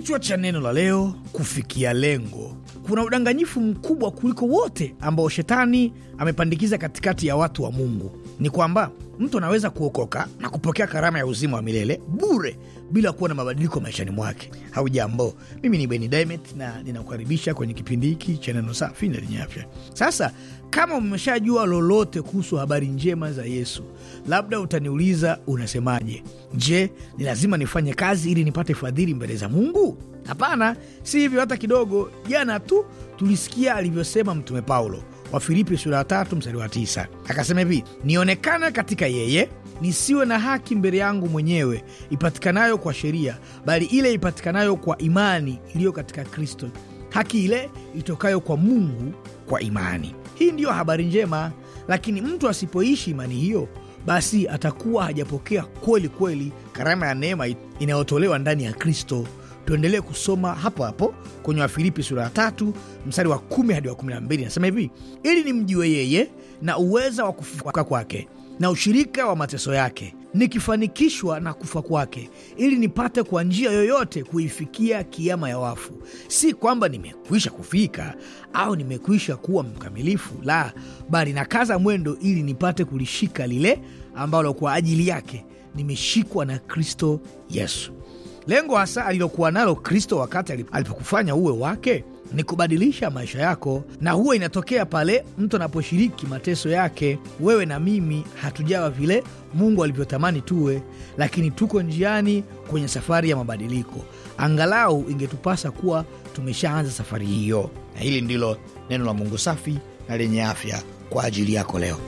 Kichwa cha neno la leo: kufikia lengo. Kuna udanganyifu mkubwa kuliko wote ambao shetani amepandikiza katikati ya watu wa Mungu. Ni kwamba mtu anaweza kuokoka na kupokea karama ya uzima wa milele bure bila kuwa na mabadiliko maishani mwake. au jambo mimi ni Beni Dimet na ninakukaribisha kwenye kipindi hiki cha neno safi na lenye afya. Sasa kama umeshajua lolote kuhusu habari njema za Yesu, labda utaniuliza unasemaje? Je, ni lazima nifanye kazi ili nipate fadhili mbele za Mungu? Hapana, si hivyo hata kidogo. Jana tu tulisikia alivyosema Mtume Paulo Filipi sura ya tatu mstari wa tisa akasema hivi, nionekana katika yeye nisiwe na haki mbele yangu mwenyewe ipatikanayo kwa sheria, bali ile ipatikanayo kwa imani iliyo katika Kristo, haki ile itokayo kwa Mungu kwa imani. Hii ndiyo habari njema, lakini mtu asipoishi imani hiyo, basi atakuwa hajapokea kweli kweli karama ya neema inayotolewa ndani ya Kristo tuendelee kusoma hapo hapo kwenye Wafilipi sura ya tatu mstari wa kumi hadi wa kumi na mbili nasema hivi: ili mjiwe yeye na uweza wa kufuka kwake na ushirika wa mateso yake, nikifanikishwa na kufa kwake, ili nipate kwa njia yoyote kuifikia kiama ya wafu. Si kwamba nimekwisha kufika au nimekwisha kuwa mkamilifu, la, bali nakaza mwendo, ili nipate kulishika lile ambalo kwa ajili yake nimeshikwa na Kristo Yesu. Lengo hasa alilokuwa nalo Kristo wakati alipokufanya uwe wake ni kubadilisha maisha yako, na huwa inatokea pale mtu anaposhiriki mateso yake. Wewe na mimi hatujawa vile Mungu alivyotamani tuwe, lakini tuko njiani kwenye safari ya mabadiliko. Angalau ingetupasa kuwa tumeshaanza safari hiyo. Na hili ndilo neno la Mungu safi na lenye afya kwa ajili yako leo.